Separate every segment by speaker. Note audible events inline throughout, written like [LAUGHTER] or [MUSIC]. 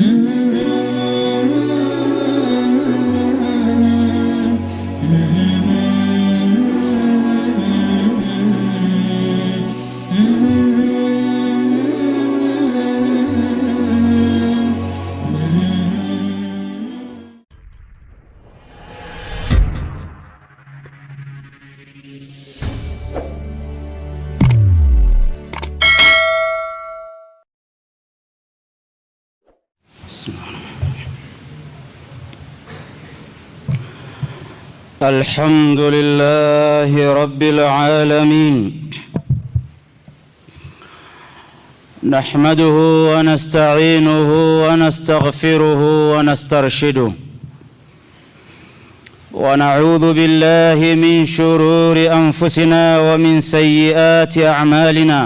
Speaker 1: Mm-hmm. الحمد لله رب العالمين نحمده ونستعينه ونستغفره ونسترشده ونعوذ بالله من شرور أنفسنا ومن سيئات أعمالنا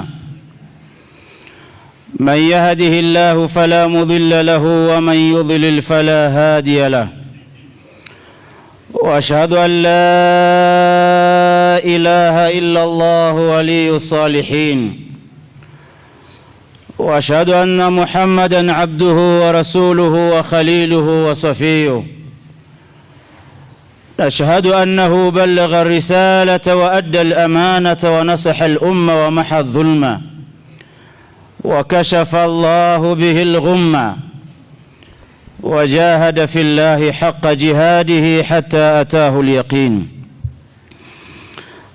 Speaker 1: من يهده الله فلا مضل له ومن يضلل فلا هادي له واشهد ان لا اله الا الله ولي الصالحين واشهد ان محمدا عبده ورسوله وخليله وصفيه اشهد انه بلغ الرساله وادى الامانه ونصح الامه ومحى الظلمه وكشف الله به الغمه وجاهد في الله حق جهاده حتى أتاه اليقين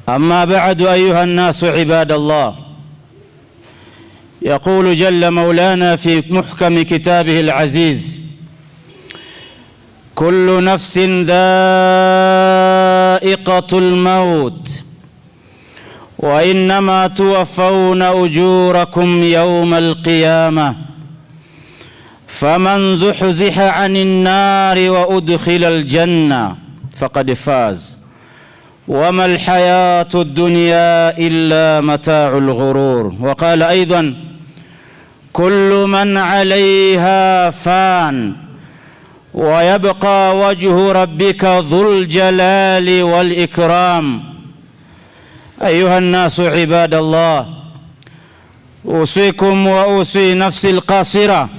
Speaker 1: أما بعد أيها الناس عباد الله يقول جل مولانا في محكم كتابه العزيز كل نفس ذائقة الموت وإنما توفون أجوركم يوم القيامة فمن زحزح عن النار وأدخل الجنة فقد فاز وما الحياة الدنيا إلا متاع الغرور وقال أيضا كل من عليها فان ويبقى وجه ربك ذو الجلال والإكرام أيها الناس عباد الله أوصيكم وأوصي نفسي القاصره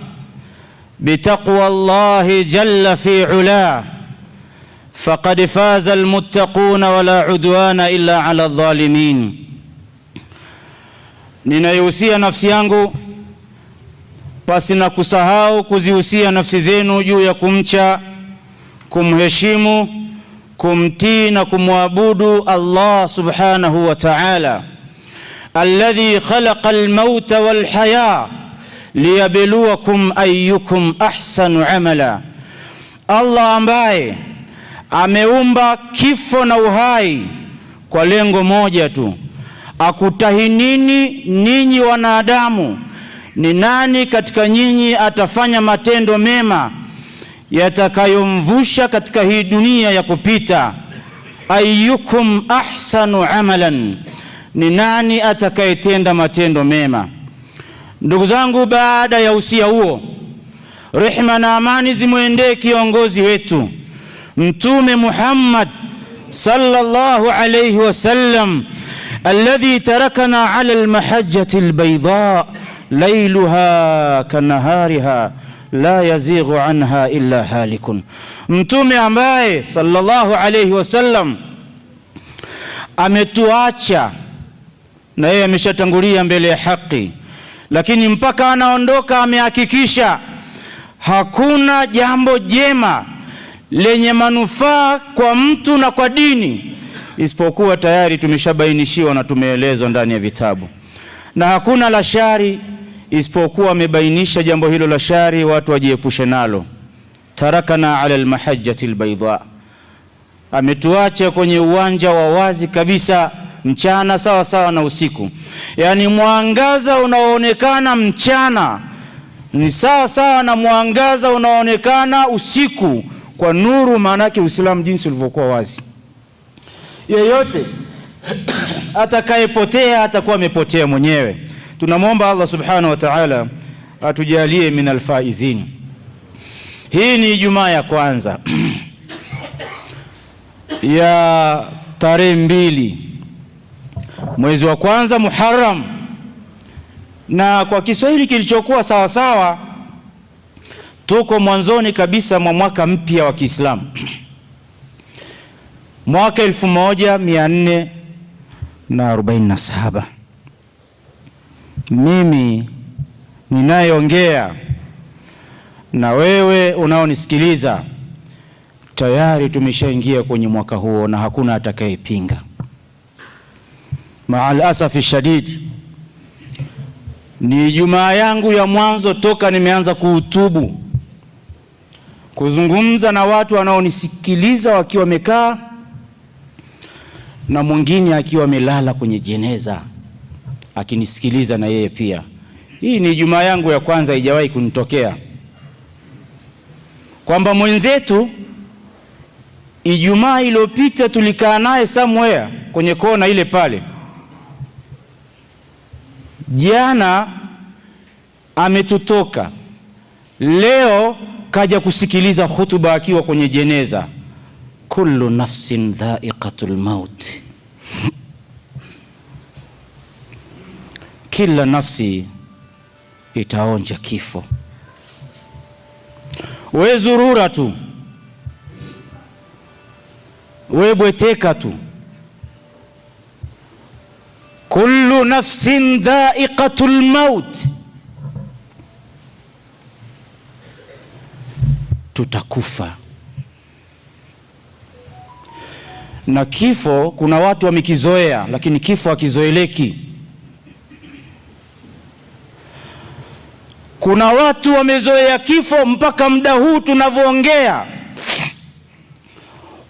Speaker 1: بتقوى الله جل في علاه فقد فاز المتقون ولا عدوان إلا على الظالمين ninaihusia nafsi yangu pasi na kusahau kuzihusia nafsi zenu juu ya kumcha, kumheshimu, kumtii na kumwabudu Allah subhanahu wa ta'ala alladhi khalaqa almauta walhaya liyabluwakum ayyukum ahsanu amala, Allah ambaye ameumba kifo na uhai kwa lengo moja tu, akutahinini ninyi wanadamu, ni nani katika nyinyi atafanya matendo mema yatakayomvusha katika hii dunia ya kupita. Ayyukum ahsanu amalan, ni nani atakayetenda matendo mema Ndugu zangu, baada ya usia huo, rehma na amani zimwendee kiongozi wetu Mtume Muhammad sallallahu alayhi wasallam alladhi tarakana ala almahajjati albayda lailuha kanahariha la yazighu anha illa halikun, Mtume ambaye sallallahu alayhi wasallam ametuacha na yeye ameshatangulia mbele ya haki lakini mpaka anaondoka amehakikisha hakuna jambo jema lenye manufaa kwa mtu na kwa dini isipokuwa tayari tumeshabainishiwa na tumeelezwa ndani ya vitabu, na hakuna la shari isipokuwa amebainisha jambo hilo la shari, watu wajiepushe nalo. Tarakana ala almahajjati albaydha, ametuacha kwenye uwanja wa wazi kabisa mchana sawa sawa na usiku. Yaani mwangaza unaoonekana mchana ni sawa sawa na mwangaza unaoonekana usiku kwa nuru, maana yake Uislamu jinsi ulivyokuwa wazi. Yeyote [COUGHS] atakayepotea atakuwa amepotea mwenyewe. Tunamwomba Allah subhanahu wa ta'ala atujalie min alfaizin. Hii ni Ijumaa ya kwanza [COUGHS] ya tarehe mbili mwezi wa kwanza Muharram, na kwa Kiswahili kilichokuwa sawasawa, tuko mwanzoni kabisa mwa mwaka mpya wa Kiislamu, [CLEARS THROAT] mwaka 1447. Mimi ninayeongea na wewe unaonisikiliza, tayari tumeshaingia kwenye mwaka huo na hakuna atakayepinga maa lasafi shadid, ni jumaa yangu ya mwanzo toka nimeanza kuhutubu, kuzungumza na watu wanaonisikiliza wakiwa wamekaa na mwingine akiwa amelala kwenye jeneza akinisikiliza na yeye pia. Hii ni jumaa yangu ya kwanza, haijawahi kunitokea kwamba mwenzetu Ijumaa iliyopita tulikaa naye somewhere kwenye kona ile pale, Jana ametutoka, leo kaja kusikiliza hutuba akiwa kwenye jeneza. Kullu nafsin dhaiqatul maut, kila nafsi itaonja kifo. We zurura tu, we bweteka tu kullu nafsin dha'iqatul maut, tutakufa na kifo. Kuna watu wamekizoea, lakini kifo hakizoeleki. Kuna watu wamezoea kifo mpaka muda huu tunavyoongea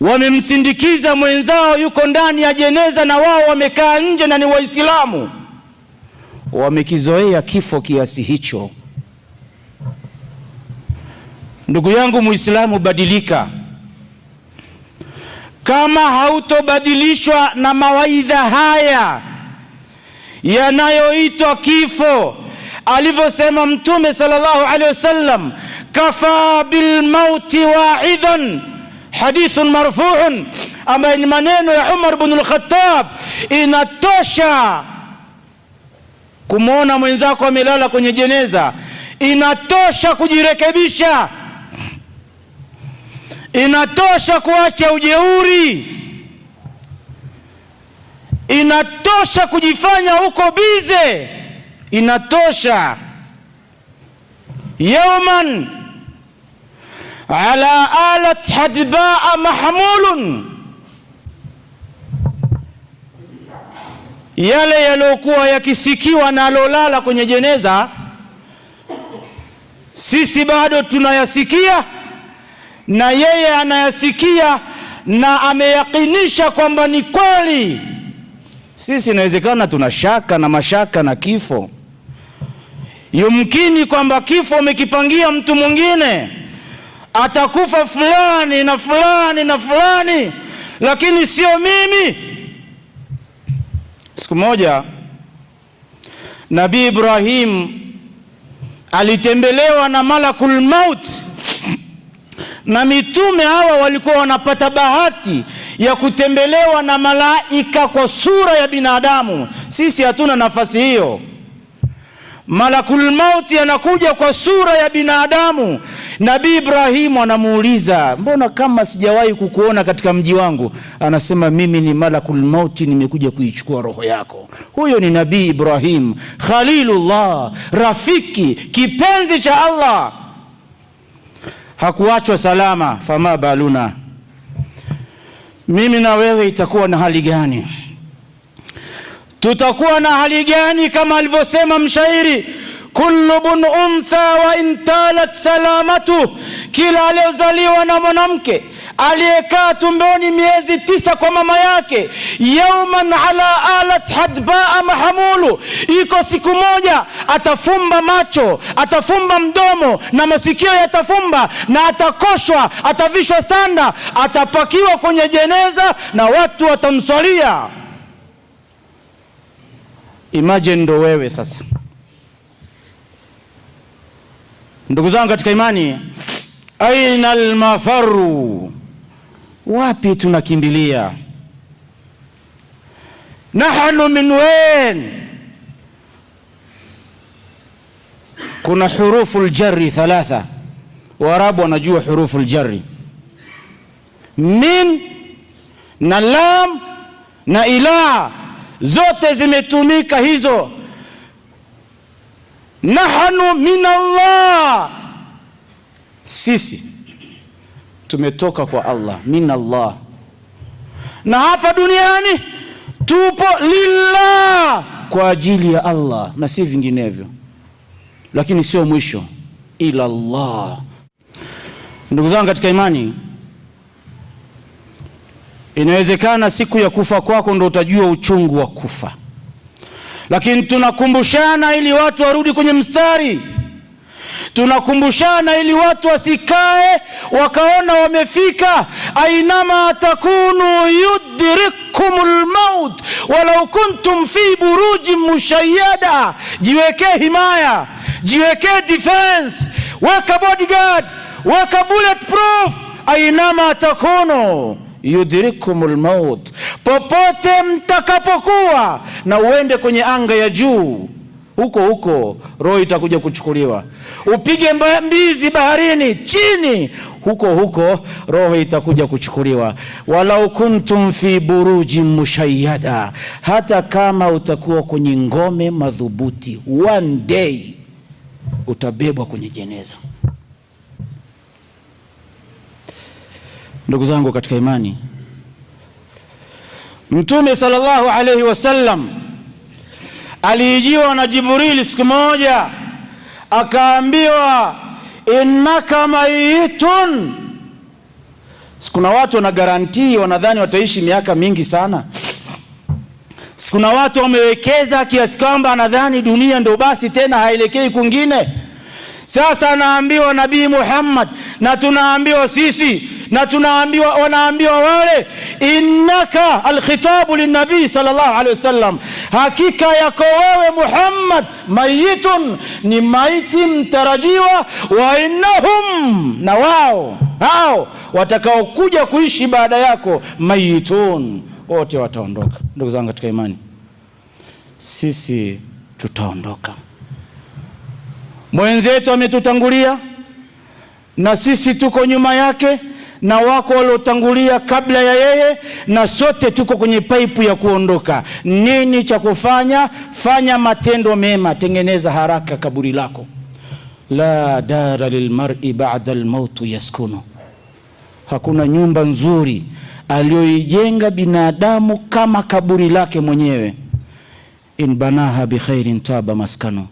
Speaker 1: wamemsindikiza mwenzao yuko ndani ya jeneza na wao wamekaa nje na ni Waislamu, wamekizoea kifo kiasi hicho. Ndugu yangu Muislamu, badilika. Kama hautobadilishwa na mawaidha haya yanayoitwa kifo, alivyosema Mtume sallallahu alaihi wasallam, kafa bilmauti waidhan hadithun marfuun, ambaye ni maneno ya Umar bin al-Khattab, inatosha kumwona mwenzako amelala kwenye jeneza, inatosha kujirekebisha, inatosha kuacha ujeuri, inatosha kujifanya uko bize, inatosha yauman ala alat hadbaa mahmulun, yale yaliyokuwa yakisikiwa nalolala kwenye jeneza, sisi bado tunayasikia na yeye anayasikia na ameyakinisha kwamba ni kweli. Sisi inawezekana tuna shaka na mashaka na kifo, yumkini kwamba kifo umekipangia mtu mwingine atakufa fulani na fulani na fulani, lakini sio mimi. Siku moja Nabii Ibrahim alitembelewa na malakul maut, na mitume hawa walikuwa wanapata bahati ya kutembelewa na malaika kwa sura ya binadamu. Sisi hatuna nafasi hiyo. Malakul mauti anakuja kwa sura ya binadamu. Nabii Ibrahimu anamuuliza, mbona kama sijawahi kukuona katika mji wangu? Anasema, mimi ni malakul mauti, nimekuja kuichukua roho yako. Huyo ni Nabii Ibrahimu Khalilullah, rafiki kipenzi cha Allah, hakuachwa salama. Fama baluna, mimi na wewe itakuwa na hali gani? tutakuwa na hali gani? Kama alivyosema mshairi, kullu bun untha wa intalat salamatu, kila aliyozaliwa na mwanamke aliyekaa tumboni miezi tisa kwa mama yake, yauman ala alat hadbaa mahamulu, iko siku moja atafumba macho, atafumba mdomo na masikio yatafumba, na atakoshwa, atavishwa sanda, atapakiwa kwenye jeneza na watu watamswalia. Imagine ndo wewe sasa. Ndugu zangu katika imani, aina almafaru, wapi tunakimbilia? Nahnu min wen, kuna hurufu ljari thalatha. Waarabu wanajua hurufu ljari min na lam na ila zote zimetumika hizo. Nahnu min Allah, sisi tumetoka kwa Allah. Min Allah, na hapa duniani tupo lillah, kwa ajili ya Allah na si vinginevyo, lakini sio mwisho ila Allah. Ndugu zangu katika imani Inawezekana siku ya kufa kwako ndo utajua uchungu wa kufa, lakini tunakumbushana ili watu warudi kwenye mstari, tunakumbushana ili watu wasikae wakaona wamefika. Ainama takunu yudrikumul maut walau kuntum fi buruji mushayyada. Jiwekee himaya, jiwekee defense, weka bodyguard, weka bulletproof ainama takunu yudhirikumul maut, popote mtakapokuwa na uende kwenye anga ya juu huko huko roho itakuja kuchukuliwa. Upige mbizi baharini, chini huko huko roho itakuja kuchukuliwa. Walau kuntum fi buruji mushayyada, hata kama utakuwa kwenye ngome madhubuti, one day utabebwa kwenye jeneza. Ndugu zangu katika imani, Mtume sallallahu alaihi wasallam aliijiwa na Jibrili siku moja, akaambiwa innaka mayitun. Sikuna watu wana garantii, wanadhani wataishi miaka mingi sana. Sikuna watu wamewekeza kiasi kwamba anadhani dunia ndio basi tena, haelekei kwingine. Sasa anaambiwa Nabii Muhammad na tunaambiwa sisi na tunaambiwa wanaambiwa wale, innaka alkhitabu linabii sallallahu alaihi wasallam, hakika yako wewe Muhammad mayitun, ni maiti mtarajiwa, wa innahum, na wao hao watakaokuja kuishi baada yako mayitun, wote wataondoka. Ndugu zangu katika imani, sisi tutaondoka. Mwenzetu ametutangulia na sisi tuko nyuma yake, na wako waliotangulia kabla ya yeye, na sote tuko kwenye paipu ya kuondoka. Nini cha kufanya? Fanya matendo mema, tengeneza haraka kaburi lako. La dara lilmari bada lmautu yaskunu, hakuna nyumba nzuri aliyoijenga binadamu kama kaburi lake mwenyewe. In banaha bikhairin taba maskanu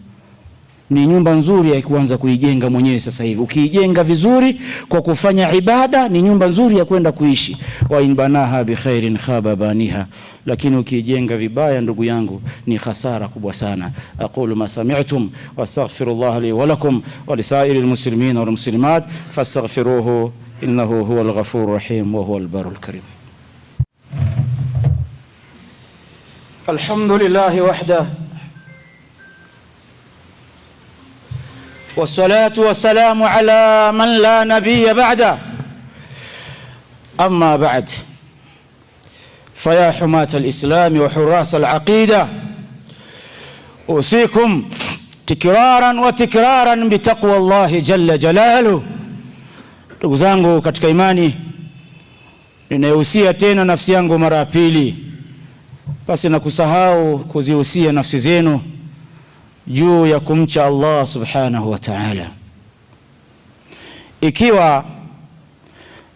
Speaker 1: ni nyumba nzuri ya kuanza kuijenga mwenyewe sasa hivi. Ukiijenga vizuri kwa kufanya ibada, ni nyumba nzuri ya kwenda kuishi. wa in banaha bi khairin khaba baniha, lakini ukiijenga vibaya, ndugu yangu, ni hasara kubwa sana. aqulu ma sami'tum wa astaghfirullah li wa lakum wa li sa'iril muslimin wal muslimat fastaghfiruhu innahu huwal ghafurur rahim wa huwal barul karim. Alhamdulillah wahdahu والصلاة والسلام على man la nabiya ba'da أما ba'd faya حماة alislami وحراس العقيدة alaqida usikum وتكرارا بتقوى الله bitaqwa جلاله jalla jalaluhu. Ndugu zangu katika imani, ninayehusia tena nafsi yangu mara ya pili, basi na kusahau kuzihusia nafsi zenu juu ya kumcha Allah subhanahu wa ta'ala. Ikiwa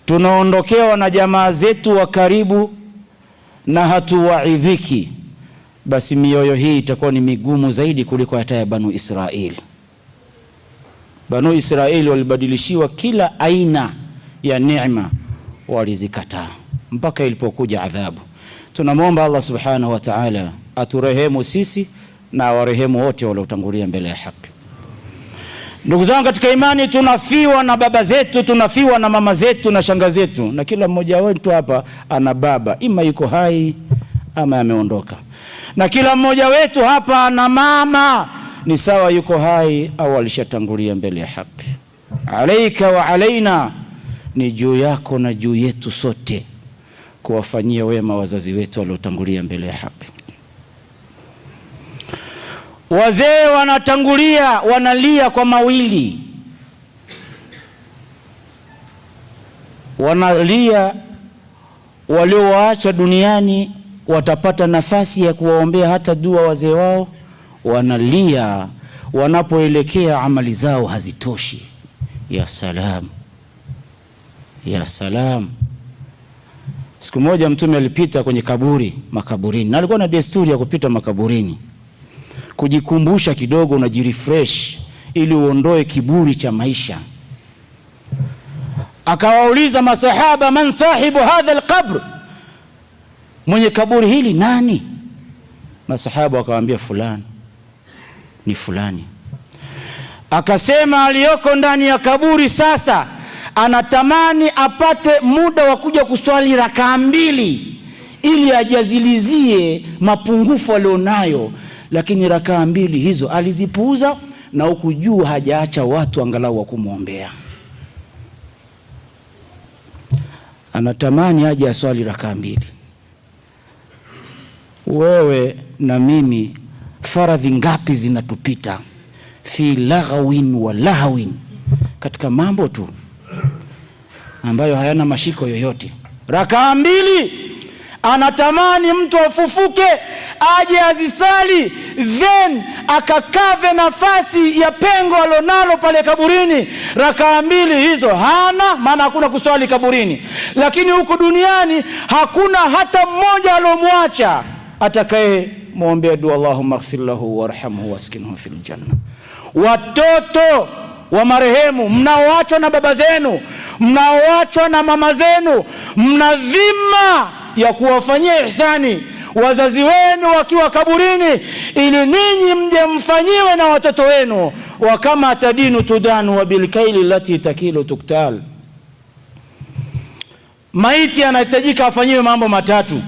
Speaker 1: tunaondokewa na jamaa zetu wa karibu na hatuwaidhiki, basi mioyo hii itakuwa ni migumu zaidi kuliko hata ya Banu Israeli. Banu Israeli walibadilishiwa kila aina ya neema, walizikataa mpaka ilipokuja adhabu. Tunamwomba Allah subhanahu wa ta'ala aturehemu sisi na warehemu wote waliotangulia mbele ya haki. Ndugu zangu katika imani, tunafiwa na baba zetu, tunafiwa na mama zetu na shanga zetu, na kila mmoja wetu hapa ana baba, ima yuko hai ama ameondoka, na kila mmoja wetu hapa ana mama, ni sawa yuko hai au alishatangulia mbele ya haki. Alaika wa alaina, ni juu yako na juu yetu sote kuwafanyia wema wazazi wetu waliotangulia mbele ya haki. Wazee wanatangulia wanalia kwa mawili, wanalia waliowaacha duniani watapata nafasi ya kuwaombea hata dua wazee wao, wanalia wanapoelekea amali zao hazitoshi. Ya salam, ya salam. Siku moja Mtume alipita kwenye kaburi makaburini, na alikuwa na desturi ya kupita makaburini kujikumbusha kidogo, unajirefresh ili uondoe kiburi cha maisha. Akawauliza masahaba, man sahibu hadha alqabr, mwenye kaburi hili nani? Masahaba wakawaambia fulani, ni fulani. Akasema aliyoko ndani ya kaburi sasa anatamani apate muda wa kuja kuswali rakaa mbili ili ajazilizie mapungufu alionayo lakini rakaa mbili hizo alizipuuza, na huku juu hajaacha watu angalau wa kumwombea. Anatamani aje aswali rakaa mbili. Wewe na mimi, faradhi ngapi zinatupita fi laghawin wa lahawin, katika mambo tu ambayo hayana mashiko yoyote. Rakaa mbili anatamani mtu afufuke aje azisali, then akakave nafasi ya pengo alonalo pale kaburini. Rakaa mbili hizo hana maana, hakuna kuswali kaburini. Lakini huku duniani hakuna hata mmoja alomwacha atakaye mwombea dua, Allahumma ighfir lahu warhamhu waskinhu fi ljanna Watoto wa marehemu mnaoachwa na baba zenu, mnaoachwa na mama zenu, mna dhima ya kuwafanyia ihsani wazazi wenu wakiwa kaburini, ili ninyi mje mfanyiwe na watoto wenu. wa kama tadinu tudanu wa bilkaili lati takilu tuktal. Maiti anahitajika afanyiwe mambo matatu,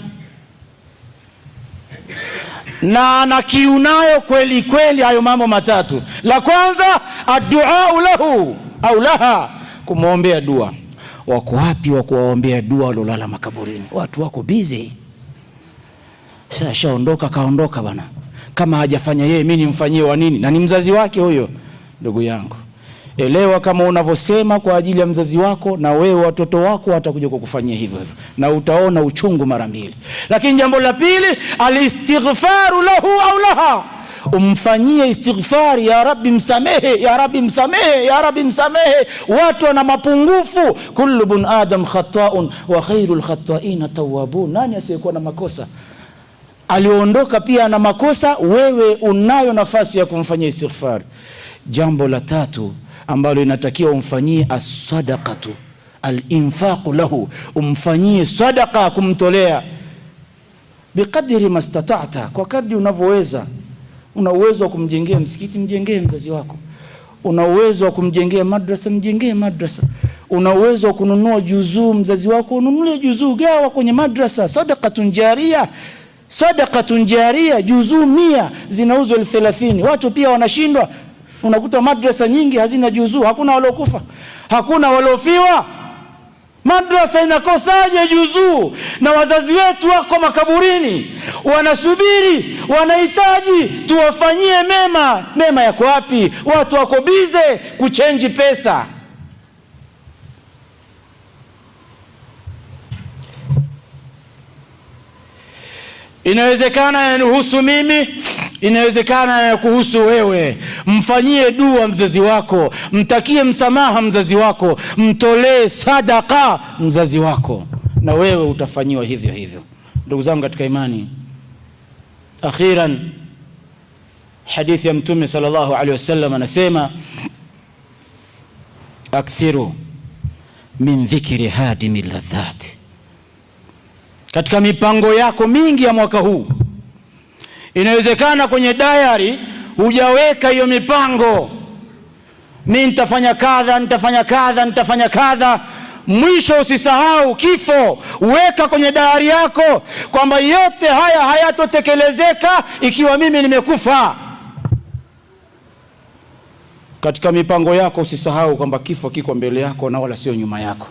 Speaker 1: na anakiunayo kweli kweli hayo mambo matatu. La kwanza adduau lahu au laha, kumwombea dua wako wapi wa kuwaombea dua waliolala makaburini? Watu wako busy. Sasa shaondoka, kaondoka bana, kama hajafanya yeye, mimi nimfanyie wa nini? Na ni mzazi wake huyo. Ndugu yangu, elewa kama unavyosema kwa ajili ya mzazi wako, na wewe watoto wako watakuja kukufanyia hivyo hivyo, na utaona uchungu mara mbili. Lakini jambo la pili, alistighfaru lahu au laha umfanyie istighfari, ya Rabbi msamehe, ya Rabbi msamehe, ya Rabbi msamehe. Watu wana mapungufu, kullu bun adam khataun wa khairul khataina tawwabun. Nani asiyekuwa na makosa? Aliondoka pia na makosa, wewe unayo nafasi ya kumfanyia istighfari. Jambo la tatu ambalo inatakiwa umfanyie as-sadaqatu al-infaqu lahu, umfanyie sadaqa, kumtolea biqadri mastata'ta, kwa kadri unavyoweza. Una uwezo wa kumjengea msikiti, mjengee mzazi wako. Una uwezo wa kumjengea madrasa, mjengee madrasa. Una uwezo wa kununua juzuu, mzazi wako ununulie juzuu, gawa kwenye madrasa. Sadaqatun jaria, sadaqatun jaria. Juzuu mia zinauzwa elfu thelathini. Watu pia wanashindwa, unakuta madrasa nyingi hazina juzuu. Hakuna waliokufa, hakuna waliofiwa Madrasa inakosaje juzuu na wazazi wetu wako makaburini, wanasubiri, wanahitaji tuwafanyie mema. Mema yako wapi? Watu wako bize kuchenji pesa. Inawezekana yanihusu mimi inawezekana ya kuhusu wewe. Mfanyie dua mzazi wako, mtakie msamaha mzazi wako, mtolee sadaka mzazi wako, na wewe utafanyiwa hivyo hivyo. Ndugu zangu katika imani, akhiran, hadithi ya Mtume sallallahu alaihi wasallam anasema akthiru min dhikri hadimi ladhati, katika mipango yako mingi ya mwaka huu Inawezekana kwenye diary hujaweka hiyo mipango, mi nitafanya kadha, nitafanya kadha, nitafanya kadha. Mwisho usisahau kifo, weka kwenye diary yako kwamba yote haya hayatotekelezeka ikiwa mimi nimekufa. Katika mipango yako usisahau kwamba kifo kiko mbele yako na wala sio nyuma yako.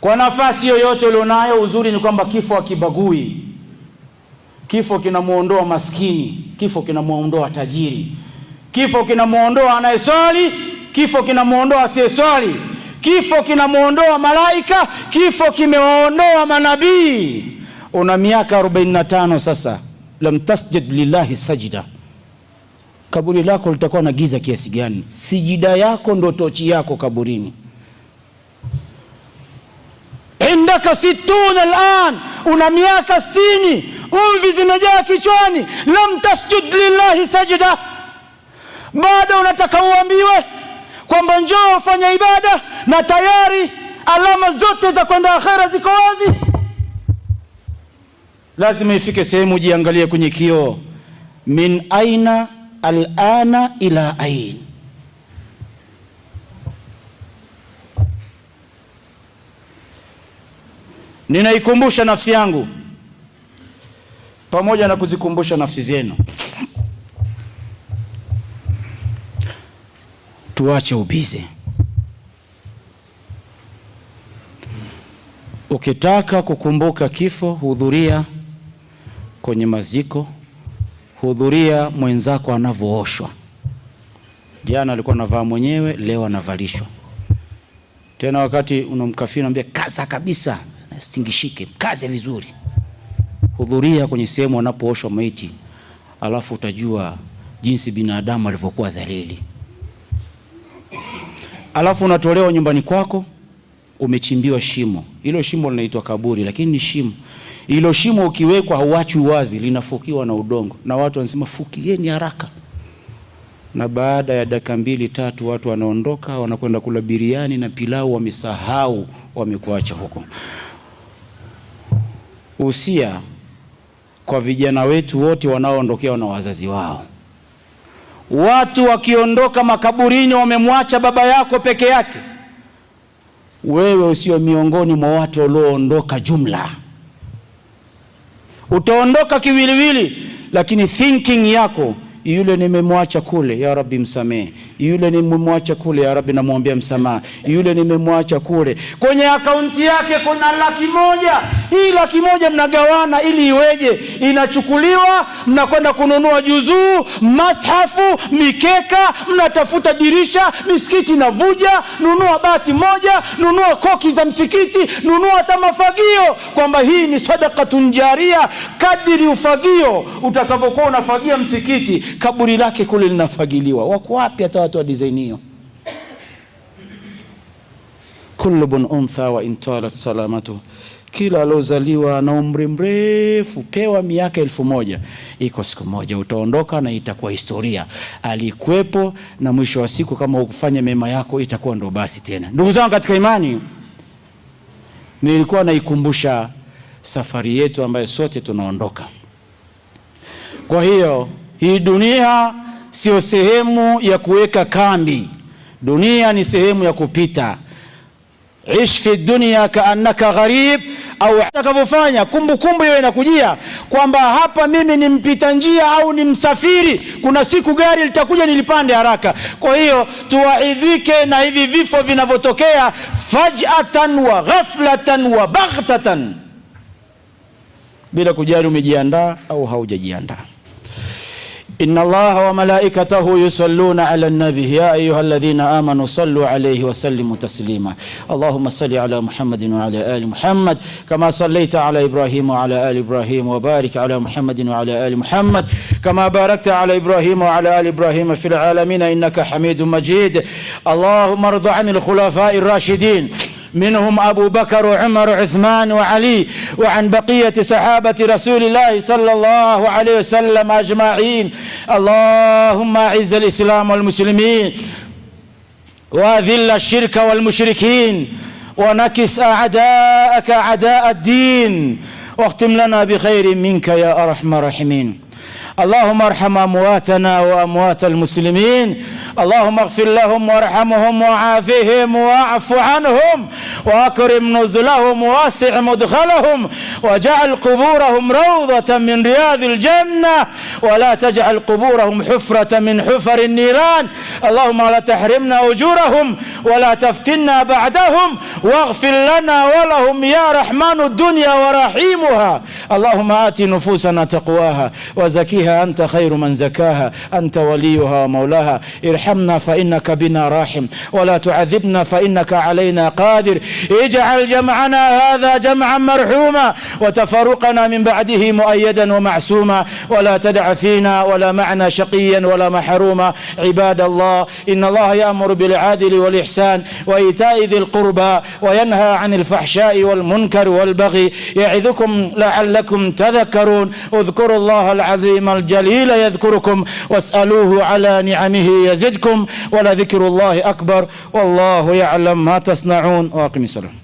Speaker 1: Kwa nafasi yoyote ulionayo, uzuri ni kwamba kifo hakibagui. Kifo kinamwondoa maskini, kifo kinamwondoa tajiri, kifo kinamwondoa anayeswali, kifo kinamwondoa asiyeswali, kifo kinamwondoa malaika, kifo kimewaondoa manabii. Una miaka 45 sasa, lam tasjud lillahi sajida, kaburi lako litakuwa na giza kiasi gani? Sijida yako ndo tochi yako kaburini. Indaka situna alan, una miaka sitini uzi zimejaa kichwani, lam tasjud lillahi sajda. Bado unataka uambiwe kwamba njoo ufanya ibada na tayari alama zote za kwenda akhera ziko wazi. Lazima ifike sehemu ujiangalie kwenye kioo, min aina alana ila ain Ninaikumbusha nafsi yangu pamoja na kuzikumbusha nafsi zenu, tuache ubize. Ukitaka kukumbuka kifo, hudhuria kwenye maziko, hudhuria mwenzako anavyooshwa. Jana alikuwa anavaa mwenyewe, leo anavalishwa tena. Wakati unamkafiri, naambia kaza kabisa, stingishike, kaze vizuri hudhuria kwenye sehemu wanapooshwa maiti, alafu utajua jinsi binadamu alivyokuwa dhalili. Alafu unatolewa nyumbani kwako, umechimbiwa shimo. Hilo shimo linaitwa kaburi, lakini ni shimo. Hilo shimo ukiwekwa hauachwi wazi, linafukiwa na udongo, na watu wanasema fukieni haraka. Na baada ya dakika mbili tatu watu wanaondoka, wanakwenda kula biriani na pilau, wamesahau wamekuacha huko. Usia kwa vijana wetu wote wanaoondokewa na wazazi wao. Watu wakiondoka makaburini, wamemwacha baba yako peke yake, wewe usio miongoni mwa watu walioondoka jumla. Utaondoka kiwiliwili, lakini thinking yako yule nimemwacha kule, ya Rabbi msamehe. Yule nimemwacha kule, ya Rabbi namwombea msamaha. Yule nimemwacha kule, kwenye akaunti yake kuna laki moja. Hii laki moja mnagawana ili iweje? Inachukuliwa, mnakwenda kununua juzuu, mashafu, mikeka, mnatafuta dirisha, misikiti inavuja, nunua bati moja, nunua koki za msikiti, nunua hata mafagio, kwamba hii ni sadakatun jaria. Kadiri ufagio utakavyokuwa unafagia msikiti kaburi lake kule linafagiliwa. Wako wapi hata watu wa design hiyo? kullu bun untha wa intalat salamatu, kila alozaliwa na umri mrefu, pewa miaka elfu moja iko siku moja utaondoka na itakuwa historia, alikuwepo na mwisho wa siku, kama ukufanya mema yako itakuwa ndo basi. Tena ndugu zangu katika imani, nilikuwa naikumbusha safari yetu ambayo sote tunaondoka, kwa hiyo hii dunia sio sehemu ya kuweka kambi, dunia ni sehemu ya kupita. Ish fi dunya kaannaka gharib, au atakavyofanya kumbukumbu hiyo inakujia kwamba hapa mimi ni mpita njia au ni msafiri. Kuna siku gari litakuja nilipande haraka. Kwa hiyo tuwaidhike na hivi vifo vinavyotokea fajatan wa ghaflatan wa baghtatan, bila kujali umejiandaa au haujajiandaa. إن الله وملائكته يصلون على النبي يا أيها الذين آمنوا صلوا عليه وسلموا تسليما اللهم صل على محمد وعلى آل محمد كما صليت على إبراهيم وعلى آل إبراهيم وبارك على محمد وعلى آل محمد كما باركت على إبراهيم وعلى آل إبراهيم في العالمين إنك حميد مجيد اللهم ارض عن الخلفاء الراشدين منهم أبو بكر وعمر وعثمان وعلي وعن بقية صحابة رسول الله صلى الله عليه وسلم أجمعين اللهم أعز الإسلام والمسلمين وأذل الشرك والمشركين ونكس أعداءك أعداء الدين واختم لنا بخير منك يا أرحم الراحمين اللهم ارحم امواتنا واموات المسلمين اللهم اغفر لهم وارحمهم وعافهم واعف عنهم واكرم نزلهم واسع مدخلهم واجعل قبورهم روضه من رياض الجنه ولا تجعل قبورهم حفره من حفر النيران اللهم لا تحرمنا اجورهم ولا تفتنا بعدهم واغفر لنا ولهم يا رحمن الدنيا ورحيمها اللهم ات نفوسنا تقواها وزكيها أنت خير من زكاها أنت وليها ومولاها ارحمنا فإنك بنا راحم ولا تعذبنا فإنك علينا قادر اجعل جمعنا هذا جمعا مرحوما وتفرقنا من بعده مؤيدا ومعسوما ولا تدع فينا ولا معنا شقيا ولا محروما عباد الله إن الله يأمر بالعادل والإحسان وإيتاء ذي القربى وينهى عن الفحشاء والمنكر والبغي يعظكم لعلكم تذكرون اذكروا الله العظيم الجليل يذكركم واسألوه على نعمه يزدكم ولذكر الله أكبر والله يعلم ما تصنعون واقم السلام